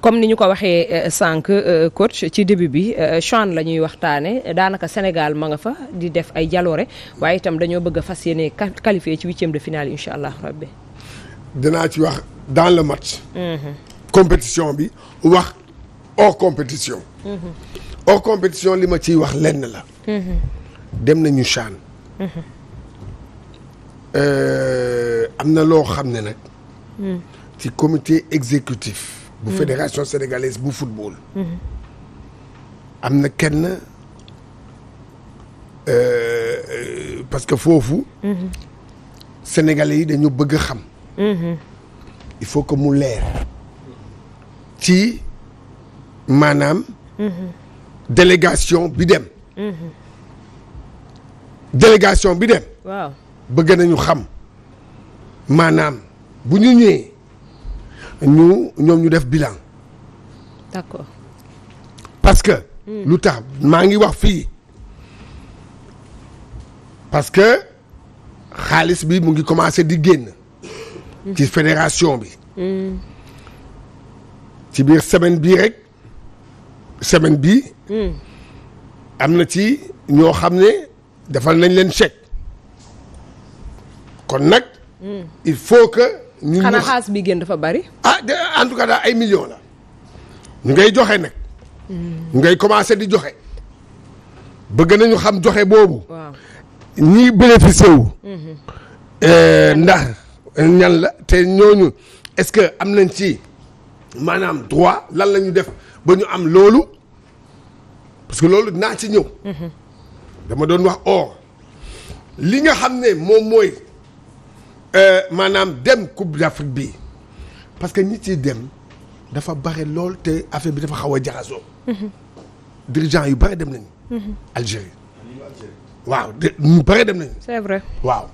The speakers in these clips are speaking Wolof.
comme ni ñu ko waxee euh, sànq euh, coach ci début bi CHAN euh, la ñuy waxtaane daanaka Sénégal ma nga fa di def ay jaloore waaye itam dañoo bëgg a fas yéene qualifié ci huitième de finale incha allah rabbi dinaa ci wax dans le match. Mhm. compétition bi wax hors compétition. Mhm. hors compétition li ma ciy wax lenn la. Mhm. dem nañu CHAN. am na loo xam ne nag. Mm. ci comité exécutif. bu mm. fédération sénégalaise bu football. Mm-hmm. am na kenn euh, euh, parce que foofu. Mm-hmm. sénégalais yi dañu bëgg xam. Mm-hmm. il faut que mu leer. ci maanaam. délégation bi dem. délégation bi dem. bëgg nañu xam maanaam bu ñu ñëwee. ñu ñoom ñu def bilan. d'accord. parce que. Hmm. lu tax maa ngi wax fii parce que xaalis bi mu ngi commencer di génn. Hmm. ci fédération bi. Hmm. ci biir semaine bi rek semaine bi am na ci ñoo xam ne defal nañ leen chèque kon nag. il faut que. ñu xanaa xaalis bi génn dafa bari. ah de en daal ay millions la. ñu ngay joxe nag. Hmm. ñu ngay commencé di joxe. bëgg nañu xam joxe boobu. waaw ñiy bénéficié wu. Hmm. Eh, ndax ñan la te ñooñu est-ce que am nañ ci maanaam droit lan la ñu def ba ñu am loolu parce loolu naa ci ñëw. Hmm. dama doon wax or li nga xam ne moom mooy. Euh, maanaam dem coupe d'Afrique bi parce que nit yi dem dafa bari lool te affaire bi dafa xaw a jaxasoo. Mhm. dirigeants yu bare dem nañu. Mhm. Algérie. waaw ñu bare dem na c'est vrai waaw.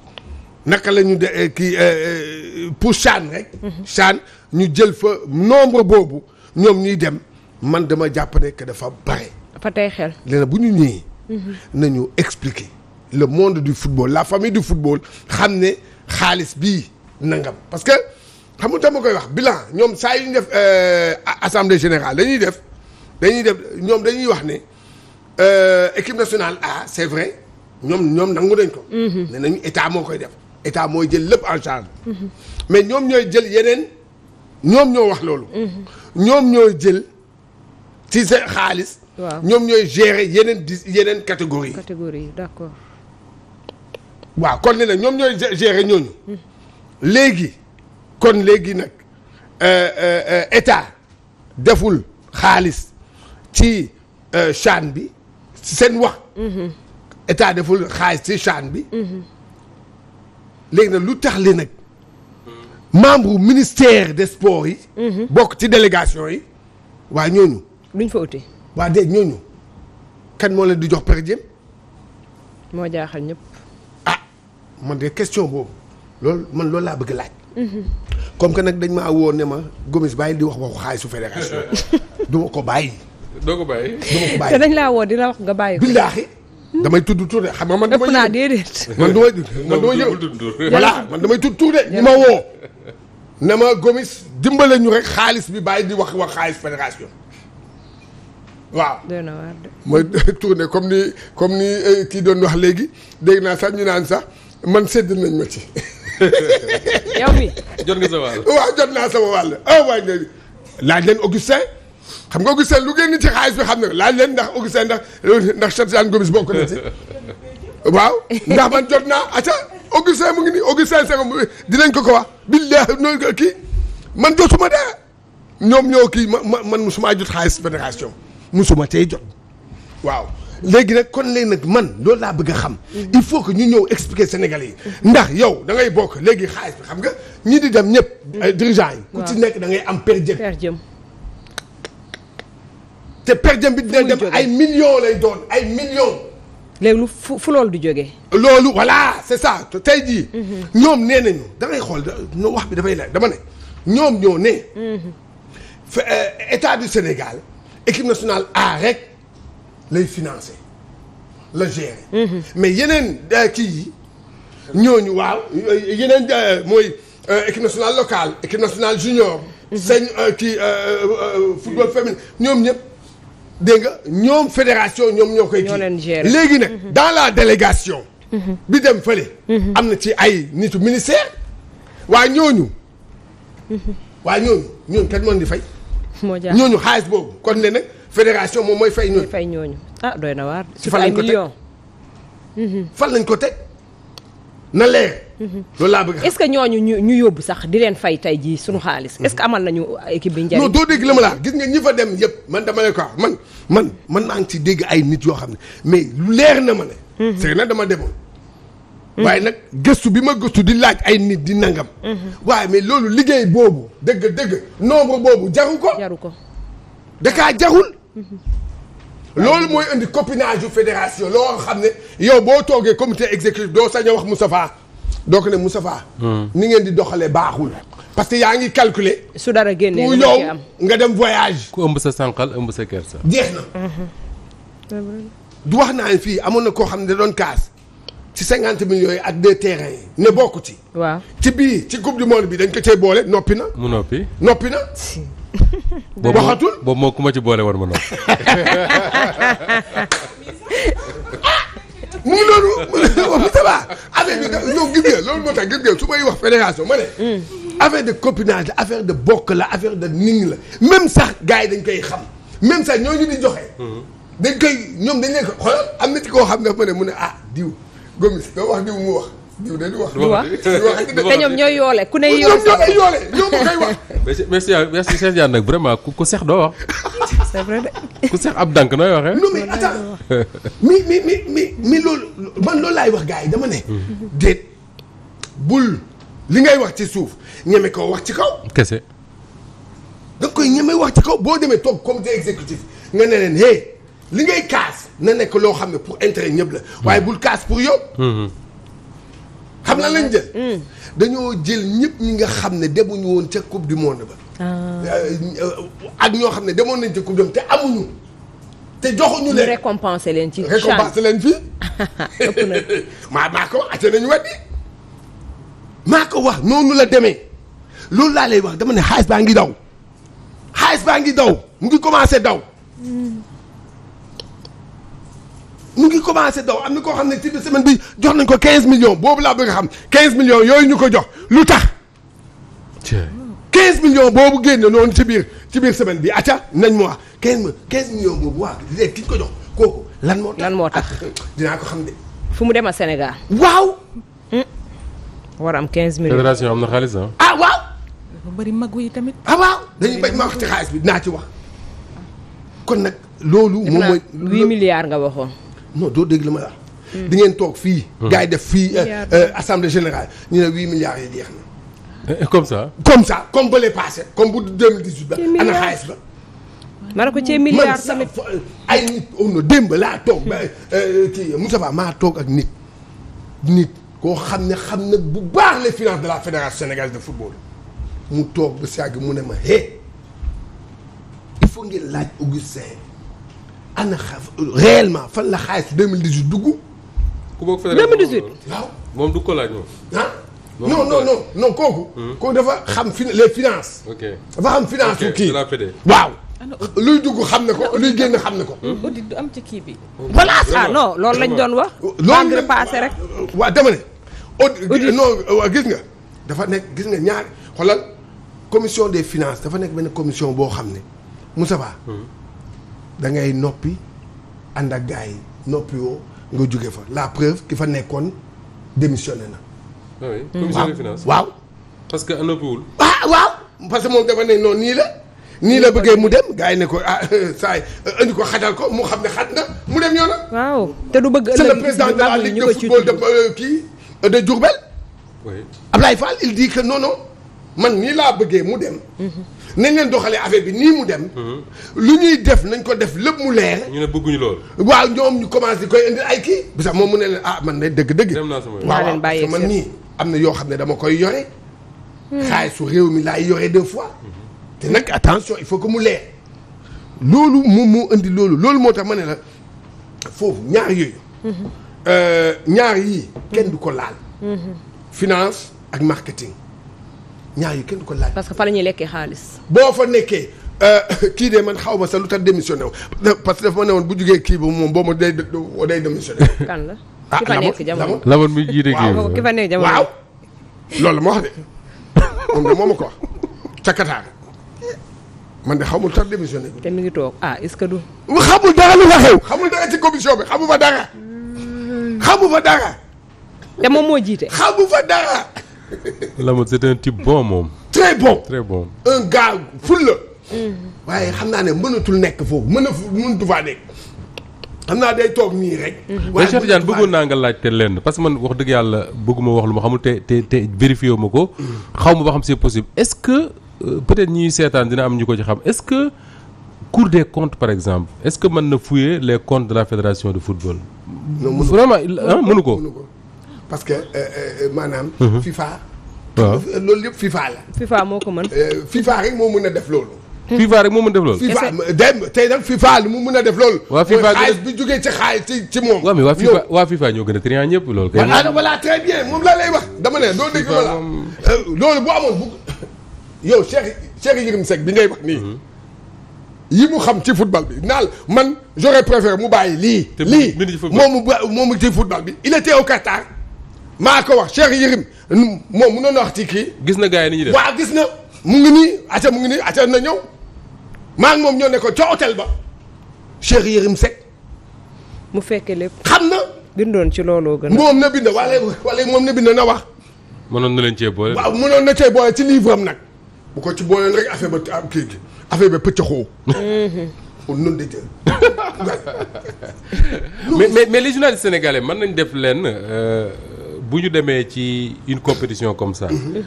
naka la de euh, kii euh, pour Chan rek. Mhm. Chan ñu jël fa nombre boobu ñoom ñuy dem man dama jàpp ne que dafa bare. dafa tey xel. léegi bu ñu ñëwee. nañu expliquer le monde du football la famille du football xam ne. xaalis bii nangam parce que xam nga ma koy wax bilan ñoom saa yu ñu def euh, assemblée générale dañuy def dañuy def ñoom dañuy wax ne euh, équipe nationale A c'est vrai ñoom ñoom nangu dañ ko. Mhm. ne nañu état moo koy def état mooy jël lépp en charge. mais ñoom ñooy jël yeneen ñoom ñoo wax loolu. Mhm. ñoom ñooy jël ti seen xaalis. waaw ñoom ñooy gérer yeneen di yeneen catégorie. catégorie waaw kon nee na ñoom ñooy gérer ñooñu. léegi kon léegi nag euh, euh, état deful xaalis ci euh, chan bi seen wax. Mm-hmm. état deful xaalis ci chan bi. Mm-hmm. léegi nag lu tax li nag membre ministère des sports yi. Mm-hmm. bokk ci délégation yi waa ñooñu. luñ fa uti. waa déeg ñooñu kan moo leen di jox per diem. moo jaaxal ñëpp. man de question boobu loolu man loolu laa bëgg laaj. Mhm. comme que nag dañ maa woo ne ma Gomis bàyyi di wax waxu xaalisu fédération du ma ko bàyyi. doo ko bàyyi du ko bàyyi. te dañ laa woo di la wax nga bàyyi ko. billaahi hmm? damay tudd tuur de xam nga man. damay ëpp naa déedéet. man damay man damay yëngu man damay tudd tuur de ma woo. ne ma Gomis dimbale ñu rek xaalis bi bàyyi di wax wax xaalis fédération. waaw mooy tourné comme ni comme ni eh, kii doon wax léegi dégg naa sax ñu naan sax. man sedd nañ ma ci. yow jot nga sa wàll. waaw jot naa sama wàll ah waay nga Augustin xam nga Augustin lu geen génn ci xaalis bi xam na laaj leen ndax Augustin ndax ndax Cheikh Gomis bokk na ci waaw ndax man jot naa aca Augustin mu ngi nii Augustin Senghor dinañ ko ko wax billahi noonu kii man jotuma dara ñoom ñoo kii ma man musuma jot xaalis benn xaalis ñoom musuma tey jot waaw léegi nag kon léegi nag man loolu laa bëgg a xam. il faut que ñu ñëw expliquer sénégal yi. ndax yow da ngay bokk léegi xaalis bi xam nga ñu di dem ñëpp. ay dirigeants yi. ku ci nekk da ngay am per diem. per te per diem bi dina dem ay millions lay doon ay millions. léegi fu fu loolu di jógee. loolu voilà c'est ça tey jii. Mhm. ñoom nee nañu da xool da wax bi dafay la dama ne ñoom ñoo ne. Mhm. Euh, état du Sénégal équipe nationale A rek. lay financé la gérer. Mhm. mais yeneen euh, kii yi ñooñu waaw yeneen euh, mooy euh, équipe national locale équipe nationale junior. Mhm. seen kii football féminin ñoom ñëpp dégg nga ñoom fédération ñoom ñoo koy. ñoo leen gérer léegi nag mhm. dans la délégation. bi dem fële. am na ci ay nitu ministère. waa ñooñu. waa ñooñu ñooñu kat mën di fay. ñooñu xaalis boobu kon ne nag. fédération moom mooy fay ñooñu. fay ñooñu ah doy na waar. ci fan lañ ko teg mm-hmm. fan lañ ko teg na leer. Mm-hmm. loolu laa bëgg est-ce que ñooñu ñu ñu yóbbu sax di leen fay tey jii suñu xaalis. Mm-hmm. est que amal nañu équipe bi njëriñ. non doo dégg la ma gis nga ñi fa dem yëpp man dama lay ko man man man ci dégg ay nit yoo xam ne mais leer na ma ne. nag dama demoon. waaye nag gëstu bi ma gëstu di laaj ay nit di nangam. waaye mais loolu liggéey boobu dëgg dëgg nombre boobu jaru ko. jaru ko da jarul. Mhm. loolu mooy indi copinage yu fédération loo xam ne yow boo toogee comité exécutif doo sañ a wax Moustapha donc ne Moustapha hmm. ni ngeen di doxalee baaxul parce que yaa ngi calculer su dara génnee pour yow nga dem voyage ku ëmb sa sànqal ëmb sa kersa jeex na du wax naa fii amoon na koo xam ne da doon kaas ci cinquante millions yi ak deux terrains yi ne bokku ci waaw ci bii ci coupe du monde bi dañ ko cee boole noppi na mu noppi noppi na waxatul boobu moo ku ma ci boole war ma noonu. mu bi non loolu moo tax gis su may wax fédération ma ne. Hmm. affaire de copinage la affaire de bokk la affaire de ning la même sax gars yi dañ koy xam même sax ñooñu di joxe. Hmm. dañ koy ñoom dañ leen ko xoolal am na ci koo xam ne ma ne mu ne ah diw gomis doo wax diw mu wax. diw de wax. di wax te ñoom ñooy yoole ku ne yoole ñoom ñooy yoole ñoom koy wax. merci merci Cheikh Diagne nag vraiment ku seex doo wax. ku seex ab dànk nooy waxee. non mais attends mi mi mi mi mi loolu man loolu laay wax gars yi dama ne. Hmm. déet bul li ngay wax ci suuf ñeme ko wax ci kaw. kese. da koy ñeme wax ci kaw boo demee toog comité exécutif nga ne leen hey li ngay kaas na nekk loo xam ne pour intérêt ñëpp la hmm. waaye bul kaas pour yow. Hmm, xam na lañ jël hmm. dañoo jël ñëpp ñi nga xam ne demuñu woon ca coupe du monde ba ah. euh, euh, ak ñoo xam ne demoon nañ ca coupe du monde te amuñu te joxuñu leen ci récompenser leen fii maa maa ko atte nañu weddi maa ko wax noonu la demee loolu laa lay wax dama ne xaalis baa ngi daw xaalis baa ngi daw mu ngi commencé daw hmm. mu ngi commencé daw am na koo xam ne ci biir semaine bi jox nañ ko 15 millions boobu laa bëgg a xam 15 millions yooyu ñu ko jox lu tax. 15 millions boobu génne noonu ci biir ci biir semaine bi acca nañ mu wax 15 15 millions boobu waa léegi ki ñu ko jox kooku lan moo tax lan moo tax ah, dinaa ko xam de. fu mu dem senegal waaw. Hmm. war am 15 millions. fédération am na xaalis ah. ah waaw. dafa bëri mag yi tamit. ah waaw dañuy bañ ma wax ci xaalis bi dinaa ci wax kon nag. loolu moom mooy 8 non doo dégg li ma la hmm. di toog fii. Hmm. gars def fii euh, euh, assemblée générale ñu ne huit milliards yi jeex na. Eh, comme ça. comme ça comme ba lay passé comme bu deux mille dix huit ba. ana xaalis ba. mara ko cee milliards ay nit oh on démb laa toog ba hmm. euh, kii maa toog ak nit. nit koo xam ne xam na bu baax les finances de la fédération sénégalaise de football mu toog ba si àgg mu ne ma hé il faut ngeen laaj Augustin ana xa réellement fan la xaalis 2018 dugg. ku bokk fële 2018 waaw. moom du ko laaj moom. ah non non non non kooku. Hmm. kooku dafa xam fin finance finances. ok dafa xam finance su kii waaw. Ah, luy duggu xam ne ko luy génn xam ne ko. Hmm. audit du am ci kii bi. Hmm. voilà ça non loolu lañ doon wax. loolu lañ passé rek. Euh, waaw dama ne. audit non euh, gis nga. dafa nekk gis nga ñaar xoolal commission des finance dafa nekk benn commission boo xam ne Moussa Ba. da ngay noppi ànd ak gars yi noppi woo nga jóge fa la preuve ki fa nekkoon démissionné na. ah oui hmm. commission des finances waaw. parce que noppiwul. ah waaw parce moom dafa noonu nii la. nii la bëggee mu dem gars yi ne ko ah euh, saa yi euh, indi ko xatal ko mu xam ne xat na mu dem ñoo na. waaw te du bëgg. c'est le président de la ligue de de euh, kii de Diourbel. oui Ablaye Fall il dit que non man nii laa bëggee mu dem. nañ ngeen doxalee affaire bi nii mu dem. lu ñuy def nañ ko def lépp mu leer. ñu ne bëgguñu loolu. waaw ñoom ñu commencé di koy indi ay kii. sax moom mu ne leen ah man de dëgg-dëgg. dem naa sama waaw waaw man nii am na yoo xam ne dama koy yore. Hmm. xaalisu réew mi laay yore de fois. te nag attention il faut que mu leer. loolu moom moo indi loolu loolu moo tax ma ne la foofu ñaar yooyu. Hmm. Euh, ñaar yii kenn du ko laal. Hmm. finance ak marketing. ñaar yi kenn ko laaj. parce que fa la lekkee xaalis. boo fa nekkee euh, kii de man xaw ma sax lu tax démissionné parce que dafa ma ne bu jugee kii bi moom boo ma day day démissionné. kan la ah muy jiite kii waaw ki fa nekk jamono waaw. loolu moo wax de de moo man de xamul tax démissionné bi. te mi ngi toog ah est-ce que du. xamul dara lu fa xew. xamul dara ci commission bi xamu fa dara. xamu fa dara. te moom moo jiite. xamu fa dara. Lamine c'est un type bon moom. très bon très bon. un gars ful la. waaye xam naa ne mënatul nekk foofu mën a mun faa nekk. xam naa day toog nii rek. Mhm. waaye Cheikh Tidiane bëggoon naa nga laajte lenn parce que man wax dëgg yàlla bëgguma wax lu ma xamul te te te vérifié ma ko. xaw ma ba xam c'est possible est-ce que euh, peut-être ñiy seetaan dina am ñu ko ci xam est-ce que Cour des comptes par exemple est-ce que mën na fouiller les comptes de la fédération de football. vraiment mënu parce que euh, euh, euh, maanaam. Mhm. FIFA. waaw loolu yëpp FIFA la. FIFA moo ko mën. FIFA rek moo mën a def loolu. FIFA rek moo mën def loolu. FIFA dem tey nag FIFA mu mën a def loolu. waa FIFA xaalis bi ci moom. waa FIFA waa FIFA ñoo gën a triant ñëpp lool kay moom voilà très bien moom laa lay wax dama ne. doo dégg wala loolu amoon bu yow Cheikh Cheikh Yérim bi ngay wax nii. Mhm. yi mu xam ci football bi naal man j'aurais préféré mu bàyyi lii. lii moom mu ba moom ci football bi il était au maa ko wax Cheikh Yérim moom mu na wax ci kii. gis na gars yi ni ñuy def waaw gis na mu ngi nii acca mu ngi nii acca na ñëw maa ngi moom ñoo ne ko ca hôtel ba Cheikh Yérim Seck. mu fekke lépp xam na. doon ci looloo gën a. moom na bind moom na bind na wax. mënoon na leen cee boole. waaw mënoon na cee boole ci livre am nag. bu ko ci booleen rek affaire ba ah, kii gi affaire ba pëccëxoo. kon noonu day jël. mais mais les journalistes sénégalais mën nañ def leen. Euh, bu ñu demee ci une compétition comme ça. Mhm.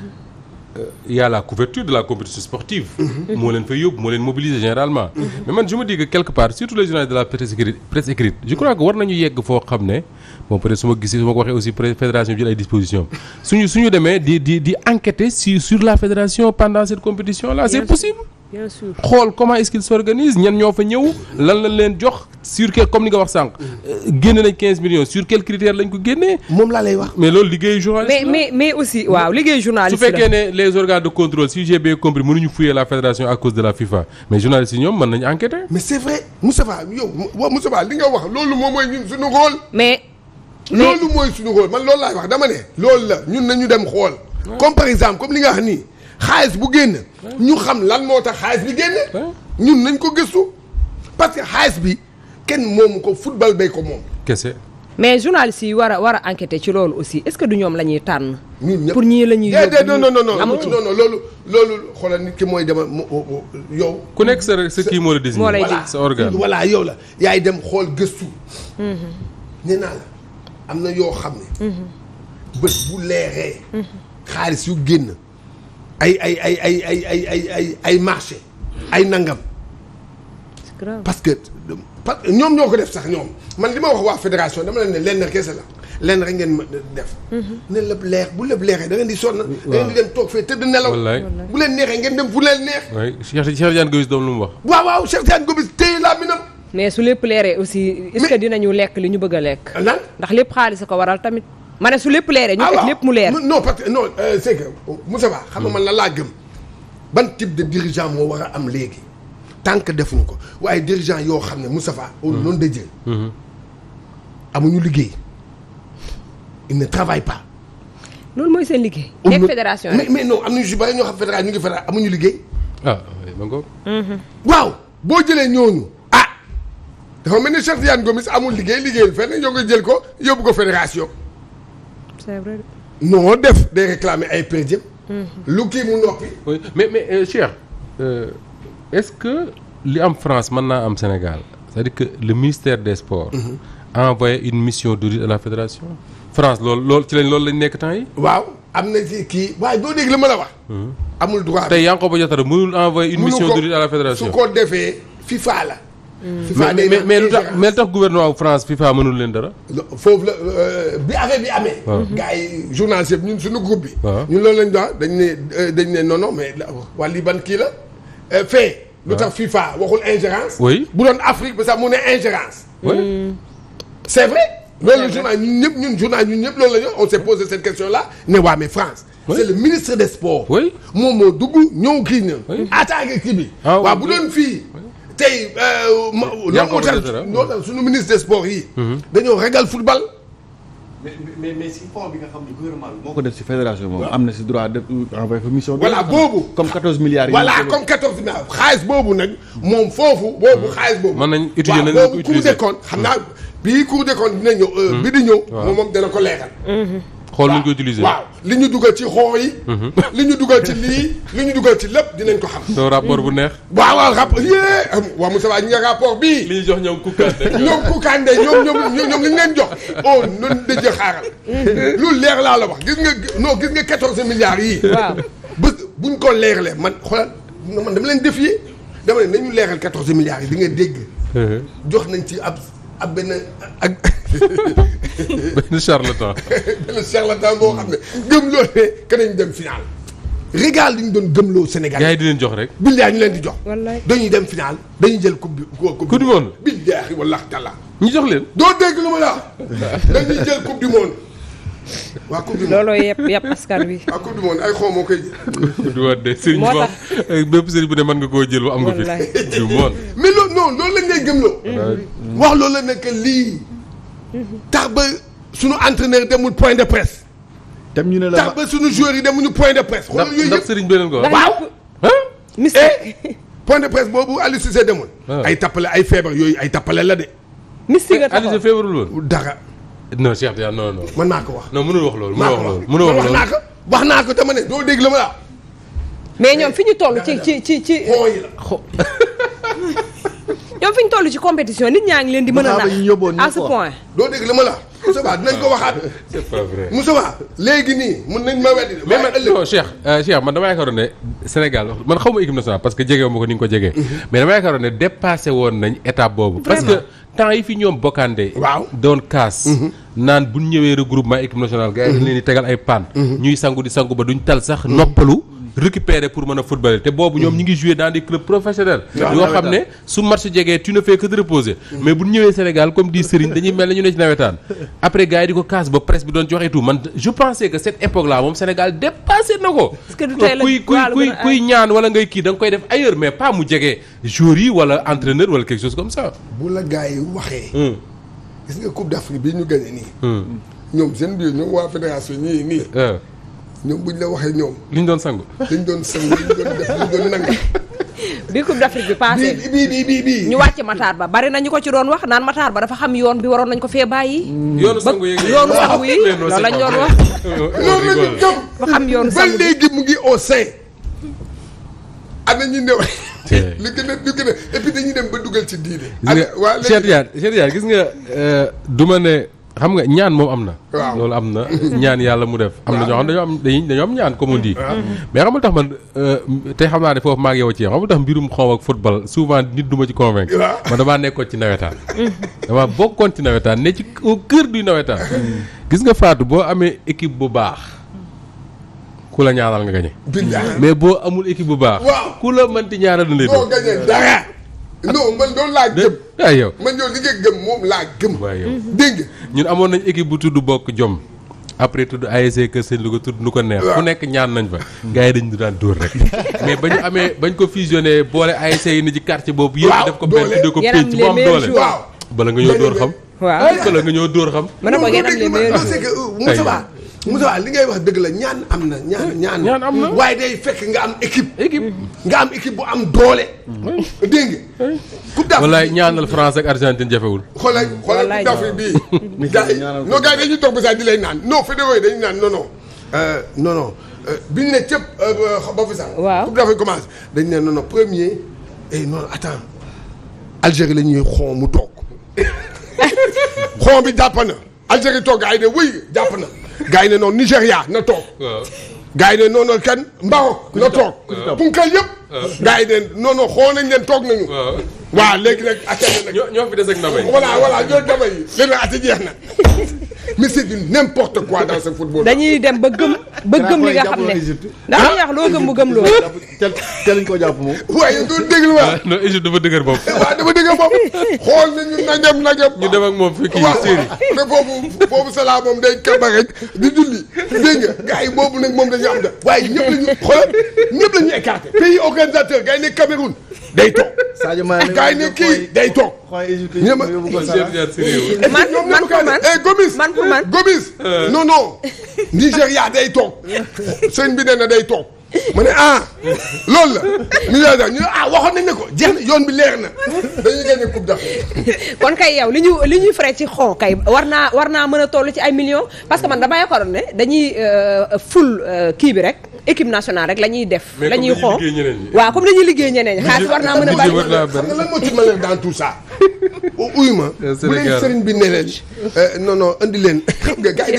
Euh, il y a la couverture de la compétition sportive. Mhm. moo leen fay yóbbu moo leen mobiliser généralement. Mhm. mais man je me dis que quelque part surtout les journalistes de la presse écrite presse écrite je crois que war nañu yegg foo xam ne su ma gisee su ma ko waxee aussi fédération bi jël ay dispositions suñu suñu demee di di di enquêter sur sur la fédération pendant cette compétition là c'est possible. bien xool comment est-ce qu'ils ñoo fa ñëw lan lañ leen jox sur quel comme ni nga wax sànq. Euh, génne nañ 15 millions sur quel critère lañ ko génne moom laa lay wax. mais loolu liggéeyu journaliste mais mais mais aussi waaw liggéeyu journaliste su fekkee ne les organes de contrôle si j'ai bien compris mënuñu fouiller la fédération à cause de la FIFA mais journaliste yi ñoom mën nañu enquêter. mais c'est vrai Moustapha yow waaw li nga wax loolu moom mooy ñun suñu rôle. mais loolu mooy suñu rôle man loolu laay wax dama ne. loolu la ñun nañu dem xool. comme par exemple nga wax nii. xaalis bu génn ñu xam lan moo tax xaalis bi génn ñun nañ ko gëstu parce que xaalis bi kenn moomu ko football bay ko moom kese mais journalistes yi war a war a enquêter ci loolu aussi est-ce que du ñoom la ñuy tànn pour ñii la ñuy yóbbu non loolu loolu xoolal ki mooy dema yow ku nekk sa sa kii moo la désigné moo lay sa organe voilà yow la yaay dem xool gëstu mm-hmm. nee naa la am na yoo xam ne mm-hmm. bés bu leeree mm-hmm. xaalis yu génn ay ay ay ay ay ay ay ay ay marché ay nangam. parce que parce que ñoom ñoo ko def sax ñoom man li ma wax waa fédération dama leen ne lenn kese la lenn rek ngeen def. Mhm. ne lépp leex bu lëpp leexee da di sonn. da ngeen di dem toog fee tëdd nelaw. bu leen neexee ngeen dem fu leen neex. waay Cheikh Cheikh doom lu mu wax. waaw waaw Cheikh Diagne Gomis téye laa minam. mais su lépp leeree aussi. est-ce que dinañu lekk li ñu bëgg a lekk. lan ndax lépp xaalis a ko waral tamit. mane su lépp leeree. ñu def lépp mu leer non parce que non euh, c'est que Moussa xam nga man la laa gëm ban type de dirigeant moo war a am léegi tant que defuñu ko waaye dirigeant yoo xam ne Moustapha au mm-hmm. nom de Dieu mm-hmm. amuñu liggéey il ne travaille pas mooy seen liggéey nekk fédération mais mais non am nañu si bari ñoo xam fédération ñu amuñu liggéey ah ma ngoog mm-hmm. waaw boo jëlee ñooñu a ah, dafa mel ni Cheikh Tidiane Gomis amul liggéey liggéeyul fenn ñoo ngi jël ko yóbbu ko fédération c'est vrai. def day réclamer ay per diem. Mm-hmm. lu kii mu noppi. mais mais euh, Cheikh euh, est-ce que li am France mën naa am Sénégal c'est-à-dire que le ministère de sports. Mm envoyé une mission d'audit à la fédération. France lool lool ci lañ loolu lañ nekk temps yi waaw am na ci kii waaye doo dégg li ma la wax. Mm-hmm. amul droit tey yaa ngi ko ba jotara mënul envoyer une mission d'audit à la fédération su ko defee FIFA la. FIFA mais mais lu tax mais tax gouvernement France FIFA mënul leen dara. foofu la euh, bi affaire bi amee. Ah. gars yi journaliste yëpp ñun suñu groupe bi. Ah. ñun loolu lañ doon dañ ne euh, dañ ne non non mais waa lii ban kii la. Euh, fee lu tax ah. FIFA waxul ingérence. oui bu doon Afrique ba sax mu ne ingérence. oui mm. c'est vrai. loolu la ñun ñëpp ñun journal ñun ñëpp loolu la ñu on s'est posé cette question là ne waa mais France. c'est le ministre des sports. oui moom moo dugg ñëw kii na. attaqué kii bi. bu doon fii. tey. Yankhoba Diattara loolu suñu ministre des sports yi. Mhm. dañoo ragal football. mais mais mais si fond bi nga xam moo ko def si fédération moom. am na si droit de envoyer fa mission. voilà boobu comme 14 milliards yi. voilà comme 14 milliards xaalis boobu nag. moom foofu boobu mhm. xaalis boobu. mën nañ utiliser nañ ko utiliser waaw xam naa mhm. bii cour des comptes dina ñëw. Euh, bi di ñëw. moom moom dana ko leeral. xool nu ñu ko utiliser waaw li ñu dugal ci xoo yi. Mhm. li ñu dugal ci lii li ñu dugal ci lépp dinañ ko xam. soo rapport bu neex. waaw waaw rapport yee waaw Moussa Ba ñu nga rapport bii. li ñu jox ñoom Koukandé. ñoom Koukandé ñoom ñoom ñoom li ñu leen jox oh noonu dëjë xaaral. loolu leer laa la wax gis nga non gis nga 14 milliards yii. waaw bés buñ ko leeralee man xoolal man dama leen défier dama ne nañu leeral 14 milliards yi di nga dégg. Mhm. jox nañ ci ab. ab benn ak. benn charlatan. benn charlatan boo xam ne gëmloo ne que nañ dem final. régal dañu doon gëmloo Sénégal. gars yi di leen jox rek. billaay ñu leen di jox. wallaay dañuy dem final dañuy jël coupe bi coupe monde. billaay wallaah talla. ñu jox leen. doo dégg lu ma monde. waaw coupe du monde looloo yëpp yëpp askan wi. waaw coupe du monde ay xaw moo koy jël. coupe du de sëriñ bi wax eh, bépp sëriñ bu ne mën nga koo jël bu am nga fi. du monde mais mm-hmm. wax loolu la nekk lii. Mm-hmm. tax ba sunu entraîneur demul point de presse. tam ñu ne la tax ba sunu joueur yi demuñu point de presse. xoolal yooyu yëpp ndax sëriñ beneen ko waaw. mystique eh? point de presse boobu Aliou Cissé demul. Ah. ay tappale ay feebar yooyu ay tappale la de. mystique a taxaw eh, Aliou Cissé feebarul woon non Cheikh Tidiane non non. man maa ko wax non mënul wax loolu. maa ko wax mënul wax loolu wax naa ko. wax ma ne doo dégg la ma la. mais ñoom eh, fi ñu toll ci ci ci ci. ñoom fi ñu toll ci compétition nit ñaa ngi leen di. mën a nax à ce point. doo dégg la ma la. Ah. Moussa Ba léegi nii mun nañ ma weddi. mais man non Cheikh euh, Cheikh man dama yaakaaroon ne Sénégal man xaw ma équipe nationale parce que jegewu ma ko ni nga ko jegee. Mhm. mais dama yaakaaroon ne dépassé woon nañ étape boobu. parce que temps yi fi ñoom bokkande. waaw doon kaas. Mhm. naan bu ñu ñëwee regroupement équipe nationale. gars yi mhm. leen di tegal ay pan. ñuy sangu di sangu ba duñ tal sax noppalu. récupérer pour mën a footballer te boobu ñoom ñu ngi jouer dans des clubs professionnels yoo xam ne su match jegee tu ne fais que te reposer mm. mais bu ñu ñëwee Sénégal comme dit Serigne dañuy mel ne ñu ne ci nawetaan après gars yi di ko kaas ba presse bi doon joxe et tout man je pensais que cette époque là moom Sénégal dépassé na ko kuy kuy kuy kuy ñaan wala ngay kii da koy def ailleurs mais pas mu jegee joueur yi wala entraîneur wala comme ça bu la gars yi ñoom buñ la waxee ñoom. liñ doon sangu. liñ doon sangu liñ doon def liñ doon nangu. bi coupe d'Afrique bi passé bii bii bii ñu wàcc Matar Ba bari nañu ko ci doon wax naan mataar Ba dafa xam yoon bi waroon nañ ko fee bàyyi. Mm. yoonu sangu yi yoonu sangu yi loolu lañ doon wax. loolu la ñu jëm. ba xam yoonu sangu ba léegi mu ngi au ñu lu gën a lu gën dañuy dem ba dugal ci diine. ana waa léegi Cheikh gis nga euh, duma ne. xam nga ñaan moom am na. waaw loolu am na ñaan yàlla mu def. am na ñoo xam dañoo am dañuy dañoo am ñaan comme on dit. mais xam tax man euh, tey xam naa ne foofu maa ngi yow ci xam nga tax mbirum xaw ak football souvent nit du ma ci convaincre. ma damaa nekkoon ci nawetaan. damaa bokkoon ci nawetaan ne ci au cœur nawetaan. gis nga faatu boo amee équipe bu baax ku la ñaanal nga gañe mais boo amul équipe bu baax. ku la mënti ñaanal na lay non man loolu laa gëm. waaw yow man yow li nga gëm moom laa gëm. waaw yow mm-hmm. dégg ñun amoon nañ équipe bu tudd bokk jom. après tudd ASC Kër Sëñ Louga tudd nu ko neex. ku nekk ñaan nañ fa. gars dañ dañu daan dóor rek. mais ba ñu amee bañ ko fusionné boole ASC yi ni ci quartier boobu. waaw def ko benn tuddee ko pénc mu am doole. bala nga ñëw dóor xam. waaw bala nga ñëw dóor xam. mën na ko ngeen am les meilleurs jours Moussa li ngay wax dëgg la ñaan am na ñaan eh, ñaan. ñaan am na waaye day fekk nga am équipe. nga am équipe bu am doole. Eh. dégg nga. Eh. coupe d'Afrique wallaay ñaanal France ak Argentine jafewul. xoolal xoolal coupe d'Afrique bii. gars yi non dañuy toog sax di lay naan non fédéraux yi dañuy naan non euh, euh, bi ñu ne cëpp euh, ba fi sax. waaw coupe d'Afrique commence dañu ne non non premier. et Algérie la ñuy xon mu toog xon bi jàpp na Algérie toog ay de wuy jàpp na. gars yi ne noonu Nigéria na toog. gars yi ne noonu kan Maroc na toog. punkal yëpp. gars yi ne noonu xool nañ leen toog nañu. waaw léegi nag. ñoo fi des ak ndaba yi voilà voilà ñoo ndaba yi léegi nag ati jeex na. mais c'est du n'importe quoi dans ce football. dañuy dem ba gëm ba gëm li nga xam ne ndax li wax loo gëm mu gëm loolu. tel tel ko jàpp moom. waaye doo déglu waa. Ah, non Égypte dafa dëgër bopp. waaw dafa dëgër bopp xool nañu najam najam. ñu dem ak moom fii kii Syrie. te foofu foofu Salah moom day kaba di julli dégg boobu nag moom dañuy am da waaye ñëpp la ñu xoolal ñëpp la pays organisateur gars ne Cameroun. day toog. Sadio yi ne kii day toog. ñu ma man pour man eh, Gomis man pour man Gomis. Euh. non non. day toog sëñ bi nee day toog. ma ne ah loolu la ñu la ñu ah waxoon nañ ne ko jeex na yoon bi leer na dañuy génne coupe d'Afrique kon kay yow li ñu li ñuy frais ci xon kay war naa war naa mën a toll ci ay millions parce que man dama yaakaaroon ne dañuy euh, ful euh, kii bi rek. équipe nationale rek la ñuy def. la ñuy xoo waaw comme dañuy liggéey ñeneen ñi. xaalis war naa mën a bari xam nga lan moo ci mën dans tout ça. uy ma bu leen sëriñ bi ne leen euh, non non andi leen xam nga gars yi